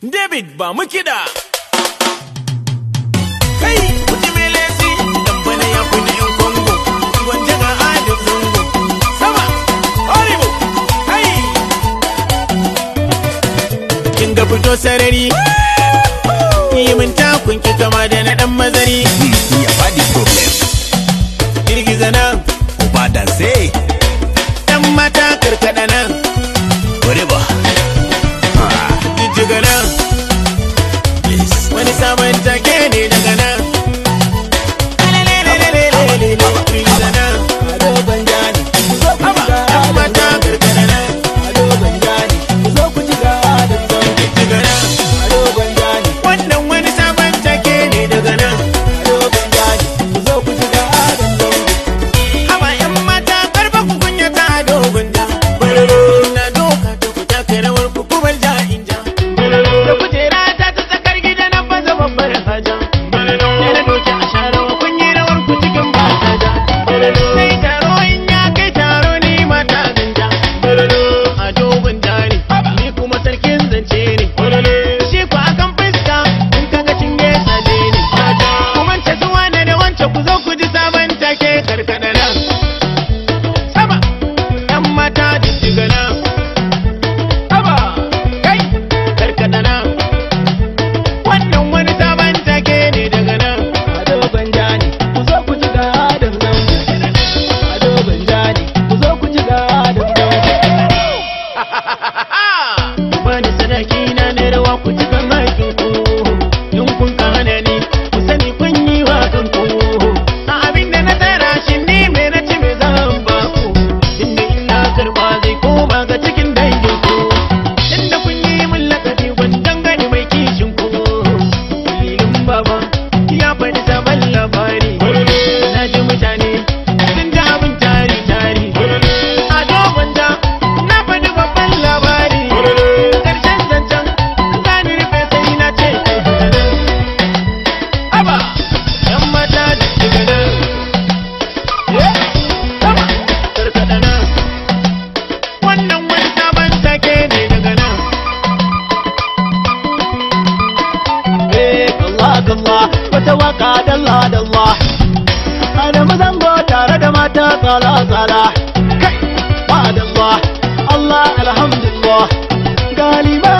David ba mu kiɗa. Kai, kuji mai laifi, ya kuni ‘yan Kongo, wanda ga adin zango. Sama, horrible, kai! Kin ga fito sarari, yi min takun ki kama da na ɗan mazari. Ya faɗi problem. Girgiza nan. Uba da I went again. 爱的代价。wata waka dalla dalla da mazango tare da mata tsala tsala kai ba dalla Allah alhamdulillah galiba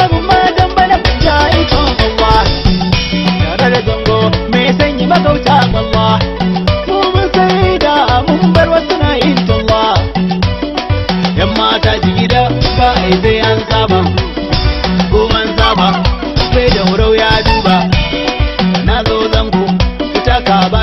mai sai an zaba ko an saba sai da ya duba na zo zango ita ka ba